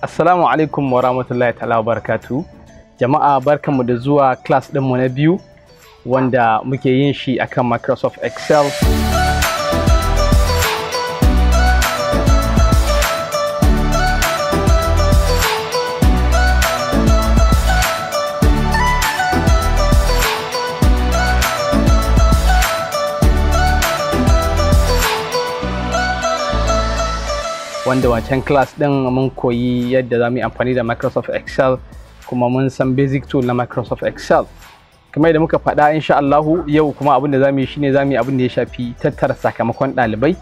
Assalamu alaikum wa rahmatullahi ta'ala wa barakatu. Jama'a barkanmu da zuwa class ɗinmu na biyu wanda muke yin shi akan Microsoft Excel. wanda wancan class din mun koyi yadda za mu amfani da Microsoft Excel kuma mun san basic tool na Microsoft Excel. Kamar da muka faɗa insha Allahu yau kuma abin da za mu yi shine za mu yi abin da ya shafi tattara sakamakon ɗalibai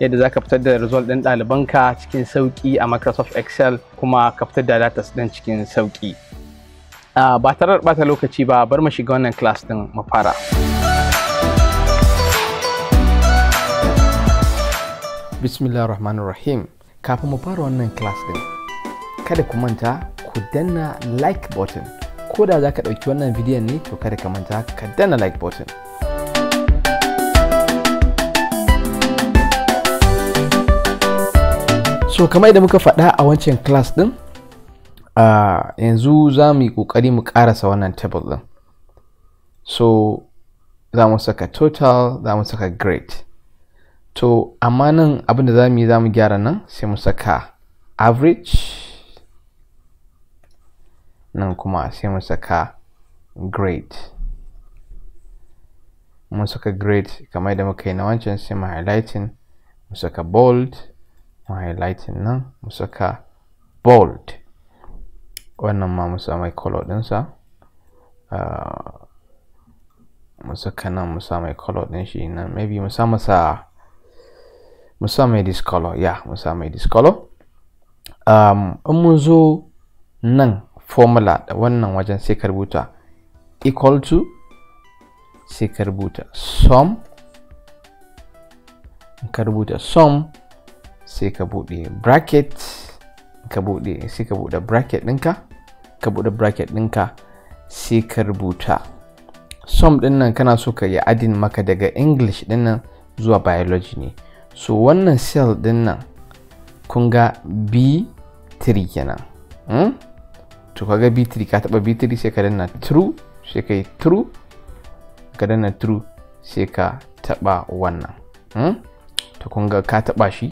yadda za ka fitar da result ɗin ɗalibanka cikin sauƙi a Microsoft Excel kuma ka fitar da data ɗin cikin sauƙi. ba tare da ɓata lokaci ba bar mu shiga wannan class ɗin mu fara. Bismillahir Rahmanir Rahim. kafin mu fara wannan class din kada ku manta ku danna like button ko da za ka ɗauki wannan bidiyon ne to kada ka manta ka danna like button so kamar da muka faɗa a wancan class din yanzu za mu yi ƙoƙari mu ƙarasa wannan table din so za mu saka total za mu saka grade to amma nan abin da za mu yi za mu gyara nan sai mu saka average nan kuma sai mu saka grade Mu saka grade kamar da muka yi na wancan sai mu highlighting mu saka bold mu highlighting nan mu saka bold wannan ma mu mai color ah, mu saka nan mu mai color din shi nan maybe mu sa masa musamman sa mai this ya yeah mu mai this um in mun zo nan formula da wannan wajen sai ka rubuta equal to sai ka rubuta sum ka rubuta sum sai ka bude bracket ka bude sai ka bude bracket ɗinka ka bude bracket ɗinka sai ka rubuta sum ɗin nan kana so ka yi adin maka daga english ɗin nan zuwa biology ne so wannan cell din nan kun ga b3 kenan hmm? to kaga b3 ka taba b3 sai ka danna true sai ka yi true ka danna true sai ka taba wannan hmm? to kun ga ka taba shi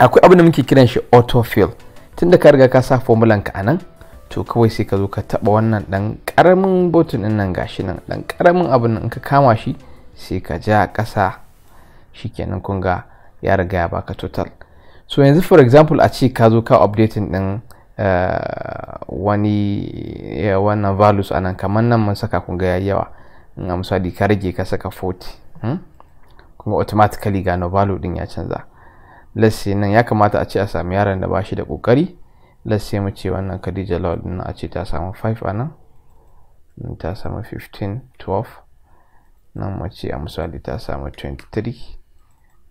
akwai abin da muke kiran shi autofill tunda ka riga ka sa formulan ka anan to kawai sai ka zo ka taba wannan dan karamin button din nan gashi nan dan karamin abin in ka kama shi sai ka ja kasa shikenan kun ga ya riga ya baka total so yanzu for example a ce ka zo ka updating din eh, wani eh, wannan values anan kaman nan mun saka kun ga yayi yawa in a misali ka rage ka saka 40 hmm? kuma ga automatically ga no value din ya canza lasse nan ya kamata a ce a sami yaran da ba shi da kokari lasse mu ce wannan khadija lord din a ce ta samu 5 a nan ta samu 15 12 nan mu ce a misali ta samu 23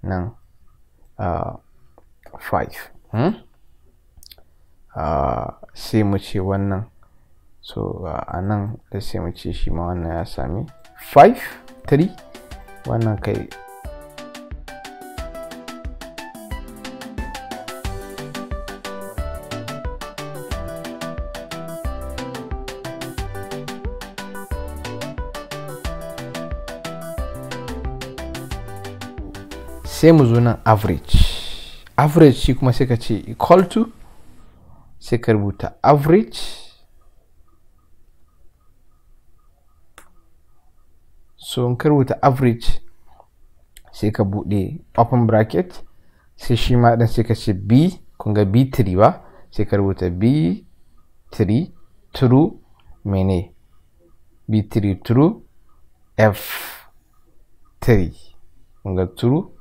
nan 5 hmm? sai mu ce wannan so a nan sai mu ce shi ma wannan ya sami 5 3 wannan kai sai mu zo nan average average shi kuma sai ka ce equal to sai ka rubuta average so in ka rubuta average sai ka bude open bracket sai shi ma dan sai ka ce b kun ga b3 ba sai ka rubuta b3 true mene b3 true f3 kun ga true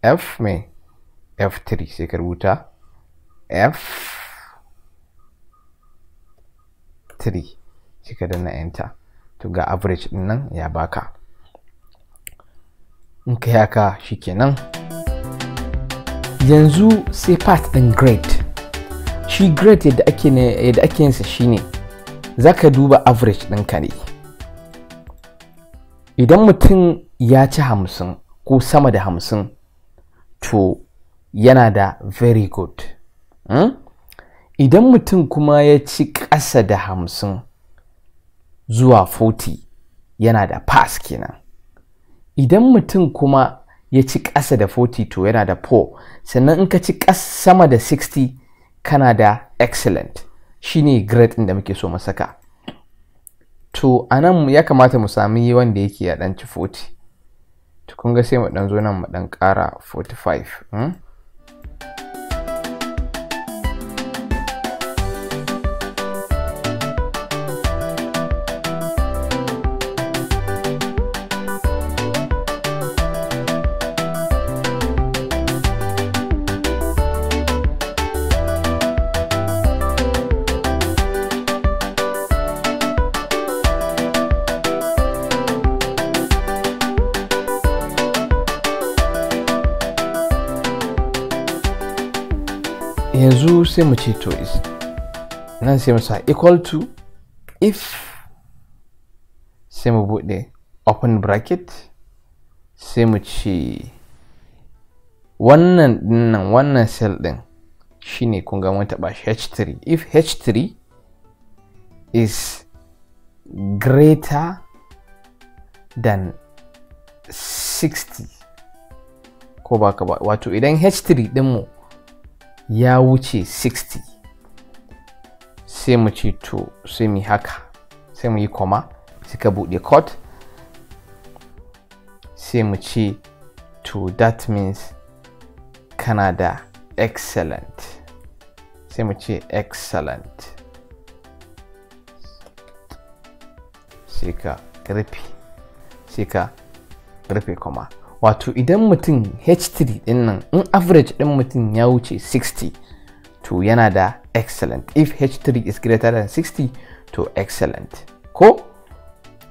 f mai f3 sai ka rubuta f3 sai ka danna enter to ga average din nan ya baka in ka haka shikenan yanzu sai part din grade shi grade yadda ake yadda ake yinsa shine zaka duba average ɗinka ne idan mutum ya ci hamsin ko sama da hamsin to yana da very good hmm? idan mutum kuma ya ci ƙasa da hamsin zuwa 40 yana da pass kenan idan mutum kuma ya ci ƙasa da 40 to yana da poor sannan in ka ci sama da 60 kana da excellent shine grade ɗin da muke so mu saka to anan ya kamata mu sami wanda yake ya ɗanci 40 kun ga sai mu dan zo nan mu dan ƙara 45 hmm? yanzu sai mu ce to is nan sai mu sa equal to if sai mu bude open bracket sai mu ce wannan dinnan wannan cell din shine kun ga mun taba h3 if h3 is greater than 60 ko baka ba wato idan h3 mu. ya wuce 60 sai mu ce to sai mu haka sai mu yi koma sai ka buɗe court sai mu ce to that means canada excellent sai mu ce excellent sai ka rufe sai ka rufe koma wato idan mutum h3 din nan in average din mutum ya wuce 60 to yana da excellent if h3 is greater than 60 to excellent ko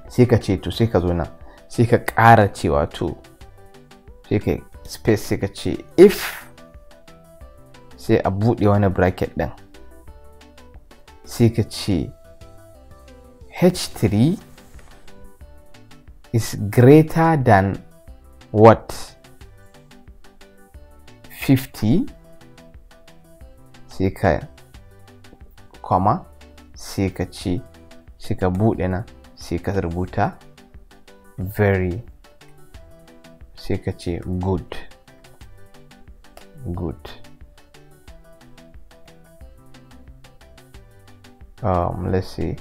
sai ka ce to sai ka zo nan sai ka ƙara cewa to sai ka space sai ka ce if sai a buɗe wani bracket ɗin sai ka ce h3 is greater than what 50 sai ka kwama sai ka ce sai ka buɗe na sai ka rubuta very sai ka ce good good um, let's see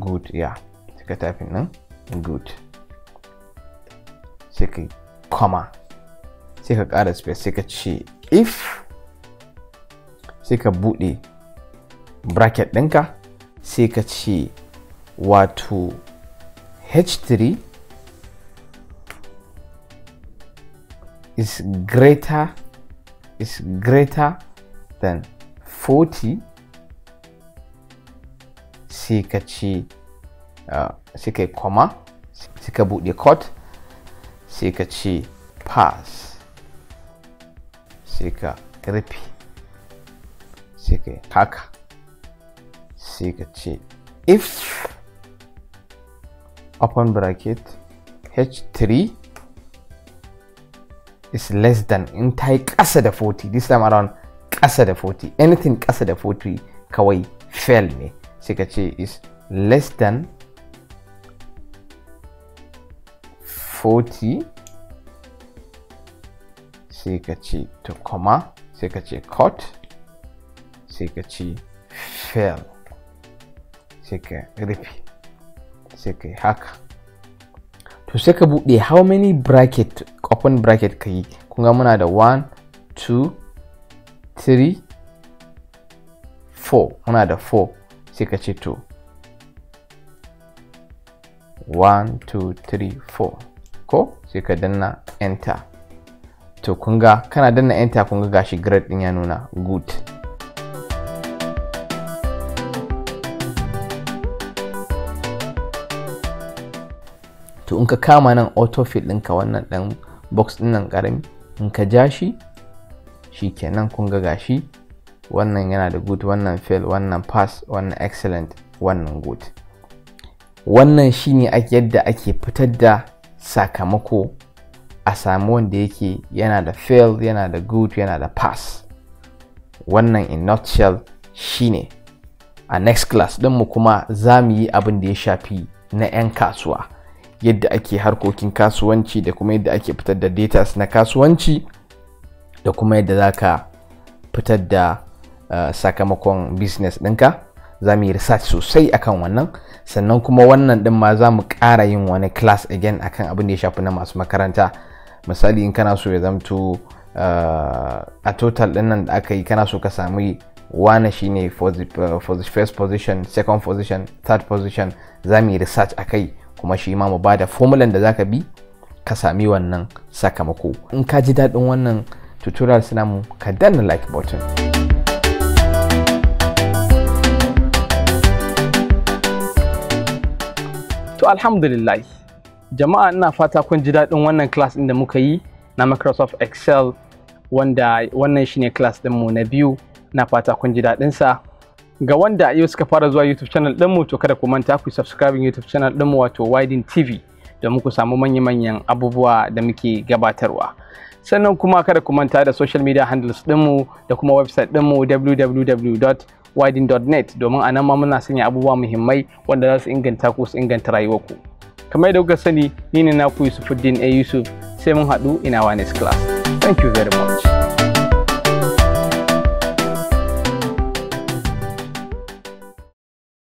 good yeah sai ka tafi nan good sai ka comma sai ka ƙara space sai ka ce if sai ka buɗe bracket ɗinka sai ka ce wato h3 is greater is greater than 40 sai ka ce ah, sai ka yi comma sai ka buɗe code sika chi pass sika ka sika sai sika chi if open bracket h3 is less than entire ta yi 40 this time around ƙasa da 40 anything ƙasa da 40 kawai fail me. sika chi is less than 40 sai ka ce to comma sai ka ce cut sai ka ce fail sai ka rufe sai ka yi haka to sai ka buɗe how many bracket open bracket ka yi kunga muna da 1 2 3 4 muna da 4 sai ka ce to 1 2 3 4 ko sai ka danna enter to kunga kana danna enter kunga gashi grade din ya nuna good to in ka kama nan autofill ɗinka wannan ɗan box ɗin nan karami in ka ja shi shi kenan kun ga gashi wannan yana da good wannan fail wannan pass wannan excellent wannan good wannan shine ake yadda ake fitar da sakamako a samu wanda yake yana da fail yana da good yana da pass wannan in nutshell shine a next class mu kuma za mu yi abin da ya shafi na 'yan kasuwa yadda ake harkokin kasuwanci da kuma yadda ake fitar da datas na kasuwanci da kuma yadda za ka fitar da uh, sakamakon business ɗinka za mu yi research sosai akan wannan sannan kuma wannan din ma za mu ƙara yin wani class again akan abin da ya shafi na masu makaranta misali in kana so ya zamto eh, a total din nan da aka yi kana so ka samu wane shine for the, eh, for the first position second position third position za mu yi research akai kuma shi ma mu ba da formulan da zaka bi ka sami wannan sakamako in ka ji daɗin wannan tutorial sinamu ka danna like button To alhamdulillah jama'a ina fata kun ji daɗin wannan class ɗin da muka yi na Microsoft Excel wanda wannan shine class ɗin mu na biyu na fata kun ji daɗin sa. Ga wanda yau suka fara zuwa YouTube channel ɗin mu to kada ku manta ku subscribe YouTube channel ɗin mu wato Widen TV da muku samu manya-manyan abubuwa da muke gabatarwa. Sannan kuma kada ku manta da social media handles ɗinmu da kuma website ɗinmu www net domin a nan ma muna sanya abubuwa muhimmai wanda za su inganta ku su inganta rayuwarku kamar da kuka sani ni ne naku Yusufuddin A Yusuf sai mun haɗu ina wani class thank you very much